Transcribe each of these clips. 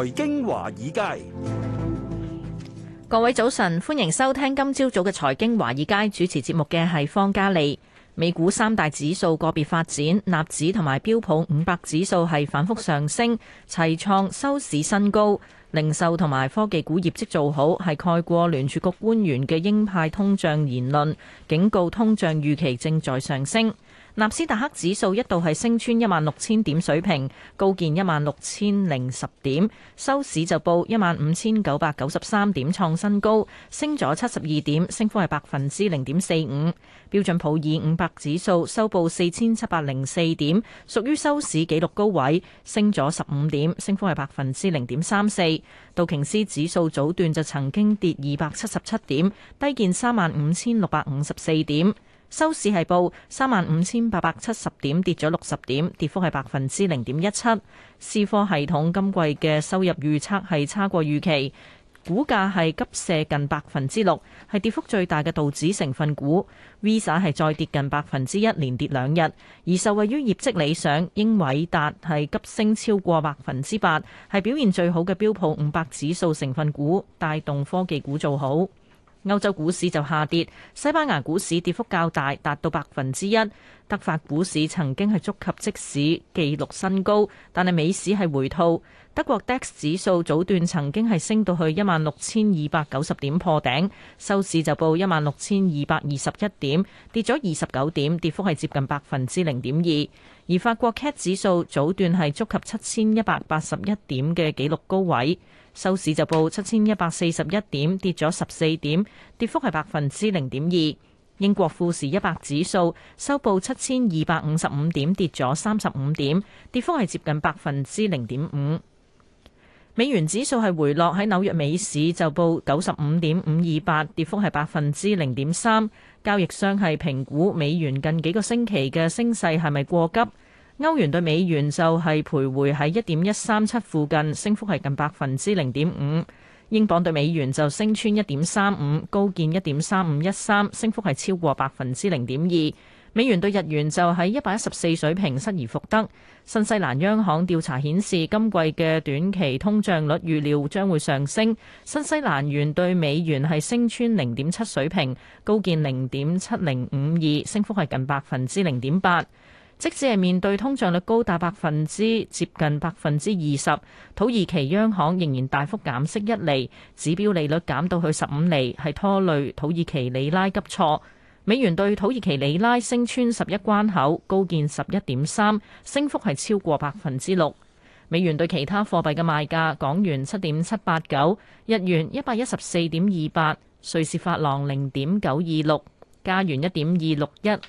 財經華爾街，各位早晨，歡迎收聽今朝早嘅財經華爾街主持節目嘅係方嘉利。美股三大指數個別發展，納指同埋標普五百指數係反覆上升，齊創收市新高。零售同埋科技股業績做好，係蓋過聯儲局官員嘅鷹派通脹言論，警告通脹預期正在上升。納斯達克指數一度係升穿一萬六千點水平，高見一萬六千零十點，收市就報一萬五千九百九十三點，創新高，升咗七十二點，升幅係百分之零點四五。標準普爾五百指數收報四千七百零四點，屬於收市紀錄高位，升咗十五點，升幅係百分之零點三四。道瓊斯指數早段就曾經跌二百七十七點，低見三萬五千六百五十四點。收市係報三萬五千八百七十點，跌咗六十點，跌幅係百分之零點一七。思科系統今季嘅收入預測係差過預期，股價係急瀉近百分之六，係跌幅最大嘅道指成分股。Visa 係再跌近百分之一，連跌兩日。而受惠於業績理想，英偉達係急升超過百分之八，係表現最好嘅標普五百指數成分股，帶動科技股做好。歐洲股市就下跌，西班牙股市跌幅較大，達到百分之一。德法股市曾經係觸及即市紀錄新高，但係尾市係回吐。德國 DAX 指數早段曾經係升到去一萬六千二百九十點破頂，收市就報一萬六千二百二十一點，跌咗二十九點，跌幅係接近百分之零點二。而法國 CAC 指數早段係觸及七千一百八十一點嘅紀錄高位。收市就報七千一百四十一點，跌咗十四點，跌幅係百分之零點二。英國富時一百指數收報七千二百五十五點，跌咗三十五點，跌幅係接近百分之零點五。美元指數係回落，喺紐約美市就報九十五點五二八，跌幅係百分之零點三。交易商係評估美元近幾個星期嘅升勢係咪過急？歐元對美元就係徘徊喺一點一三七附近，升幅係近百分之零點五。英鎊對美元就升穿一點三五，高見一點三五一三，升幅係超過百分之零點二。美元對日元就喺一百一十四水平失而復得。新西蘭央行調查顯示，今季嘅短期通脹率預料將會上升。新西蘭元對美元係升穿零點七水平，高見零點七零五二，升幅係近百分之零點八。即使係面對通脹率高達百分之接近百分之二十，土耳其央行仍然大幅減息一厘，指標利率減到去十五厘，係拖累土耳其里拉急挫。美元對土耳其里拉升穿十一關口，高見十一點三，升幅係超過百分之六。美元對其他貨幣嘅賣價：港元七點七八九，日元一百一十四點二八，瑞士法郎零點九二六，加元一點二六一。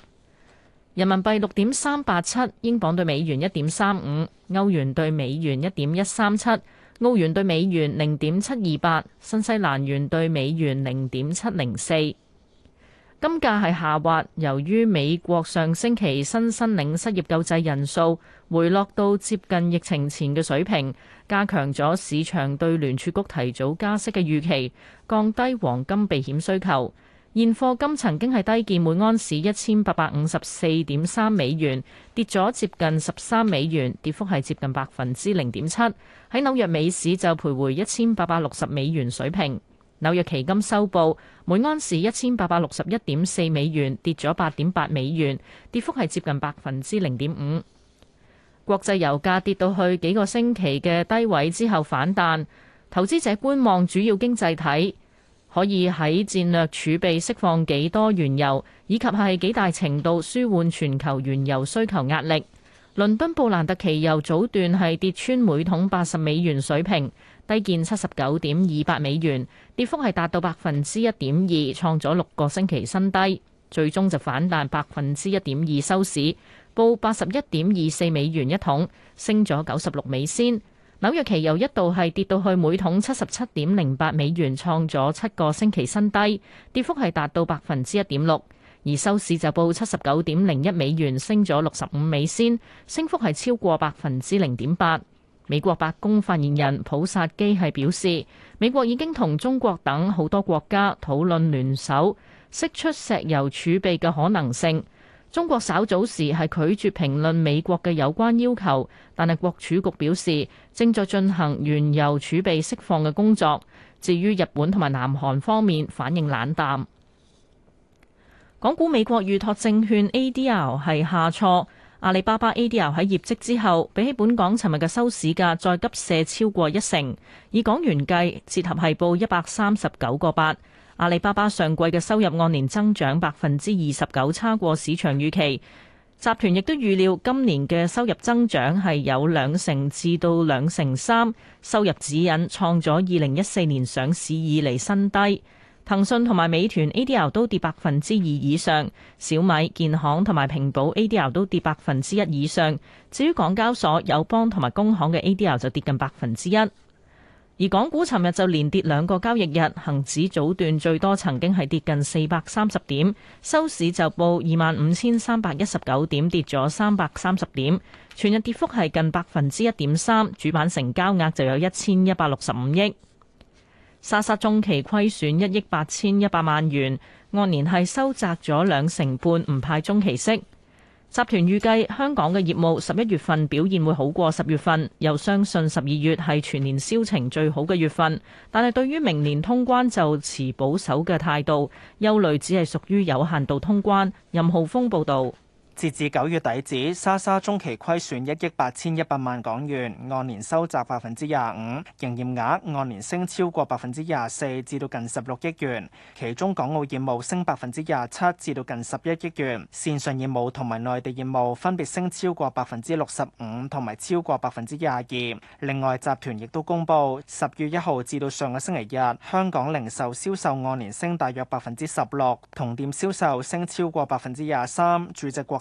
人民幣六點三八七，英鎊兌美元一點三五，歐元兌美元一點一三七，澳元兌美元零點七二八，新西蘭元兌美元零點七零四。金價係下滑，由於美國上星期新申領失業救濟人數回落到接近疫情前嘅水平，加強咗市場對聯儲局提早加息嘅預期，降低黃金避險需求。現貨金曾經係低見每安士一千八百五十四點三美元，跌咗接近十三美元，跌幅係接近百分之零點七。喺紐約美市就徘徊一千八百六十美元水平。紐約期金收報每安士一千八百六十一點四美元，跌咗八點八美元，跌幅係接近百分之零點五。國際油價跌到去幾個星期嘅低位之後反彈，投資者觀望主要經濟體。可以喺戰略儲備釋放幾多原油，以及係幾大程度舒緩全球原油需求壓力。倫敦布蘭特期油早段係跌穿每桶八十美元水平，低見七十九點二八美元，跌幅係達到百分之一點二，創咗六個星期新低。最終就反彈百分之一點二收市，報八十一點二四美元一桶，升咗九十六美仙。紐約期油一度係跌到去每桶七十七點零八美元，創咗七個星期新低，跌幅係達到百分之一點六。而收市就報七十九點零一美元，升咗六十五美仙，升幅係超過百分之零點八。美國白宮發言人普薩基係表示，美國已經同中國等好多國家討論聯手釋出石油儲備嘅可能性。中國稍早時係拒絕評論美國嘅有關要求，但係國儲局表示正在進行原油儲備釋放嘅工作。至於日本同埋南韓方面，反應冷淡。港股美國預託證券 a d l 係下挫，阿里巴巴 ADR 喺業績之後，比起本港尋日嘅收市價再急瀉超過一成，以港元計，折合係報一百三十九個八。阿里巴巴上季嘅收入按年增長百分之二十九，差過市場預期。集團亦都預料今年嘅收入增長係有兩成至到兩成三，收入指引創咗二零一四年上市以嚟新低。騰訊同埋美團 ADR 都跌百分之二以上，小米、建行同埋平保 ADR 都跌百分之一以上。至於港交所、友邦同埋工行嘅 ADR 就跌近百分之一。而港股尋日就連跌兩個交易日，恒指早段最多曾經係跌近四百三十點，收市就報二萬五千三百一十九點，跌咗三百三十點，全日跌幅係近百分之一點三。主板成交額就有一千一百六十五億。莎莎中期虧損一億八千一百萬元，按年係收窄咗兩成半，唔派中期息。集團預計香港嘅業務十一月份表現會好過十月份，又相信十二月係全年銷情最好嘅月份。但係對於明年通關就持保守嘅態度，憂慮只係屬於有限度通關。任浩峰報導。截至九月底止，莎莎中期虧損一億八千一百萬港元，按年收窄百分之廿五，營業額按年升超過百分之廿四，至到近十六億元。其中港澳業務升百分之廿七，至到近十一億元；線上業務同埋內地業務分別升超過百分之六十五同埋超過百分之廿二。另外，集團亦都公布，十月一號至到上個星期日，香港零售銷售按年升大約百分之十六，同店銷售升超過百分之廿三，主席國。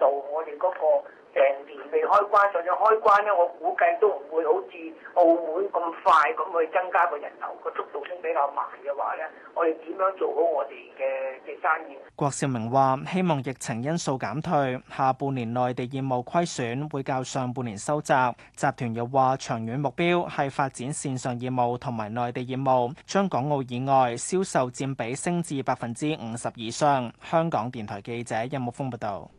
到我哋嗰個成年未開關，就算開關咧，我估計都唔會好似澳門咁快咁去增加個人流個速度，相比較慢嘅話咧，我哋點樣做好我哋嘅嘅生意？郭少明話，希望疫情因素減退，下半年內地業務虧損會較上半年收窄。集團又話，長遠目標係發展線上業務同埋內地業務，將港澳以外銷售佔比升至百分之五十以上。香港電台記者任木峯報道。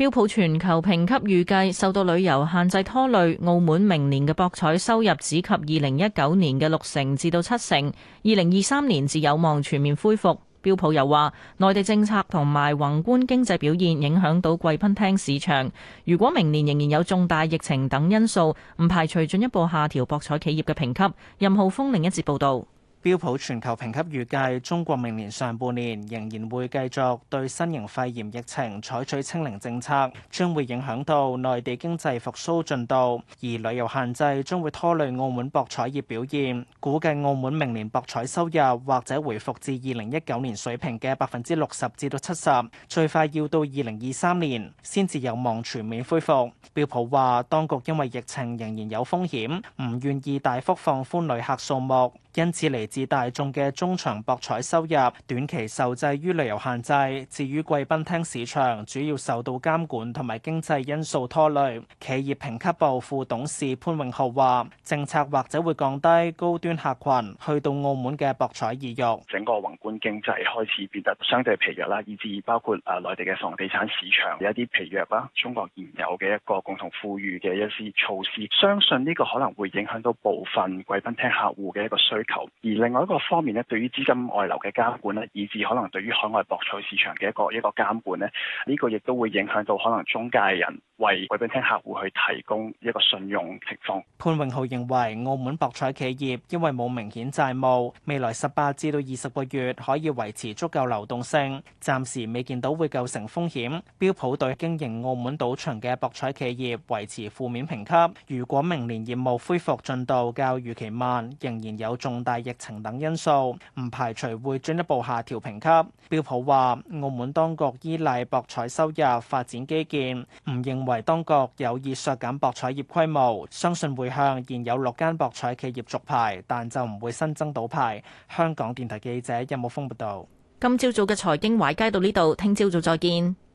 標普全球評級預計受到旅游限制拖累，澳門明年嘅博彩收入只及二零一九年嘅六成至到七成，二零二三年至有望全面恢復。標普又話，內地政策同埋宏觀經濟表現影響到貴賓廳市場，如果明年仍然有重大疫情等因素，唔排除進一步下調博彩企業嘅評級。任浩峰另一節報道。標普全球評級預計，中國明年上半年仍然會繼續對新型肺炎疫情採取清零政策，將會影響到內地經濟復蘇進度。而旅遊限制將會拖累澳門博彩業表現，估計澳門明年博彩收入或者回復至二零一九年水平嘅百分之六十至到七十，最快要到二零二三年先至有望全面恢復。標普話，當局因為疫情仍然有風險，唔願意大幅放寬旅客數目。因此嚟自大眾嘅中場博彩收入短期受制於旅遊限制，至於貴賓廳市場主要受到監管同埋經濟因素拖累。企業評級部副董事潘永浩話，政策或者會降低高端客群去到澳門嘅博彩意欲。整個宏觀經濟開始變得相對疲弱啦，以至包括啊內地嘅房地產市場有一啲疲弱啦。中國現有嘅一個共同富裕嘅一啲措施，相信呢個可能會影響到部分貴賓廳客戶嘅一個需。而另外一個方面呢，對於資金外流嘅監管呢，以致可能對於海外博彩市場嘅一個一個監管呢，呢、呢個亦都會影響到可能中介人為貴賓廳客戶去提供一個信用情況，潘榮浩認為澳門博彩企業因為冇明顯債務，未來十八至到二十個月可以維持足夠流動性，暫時未見到會構成風險。標普對經營澳門賭場嘅博彩企業維持負面評級，如果明年業務恢復進度較預期慢，仍然有重。重大疫情等因素，唔排除會進一步下調評級。標普話，澳門當局依賴博彩收入發展基建，唔認為當局有意削減博彩業規模，相信會向現有六間博彩企業續牌，但就唔會新增賭牌。香港電台記者任武峰報道。今朝早嘅財經華爾街到呢度，聽朝早再見。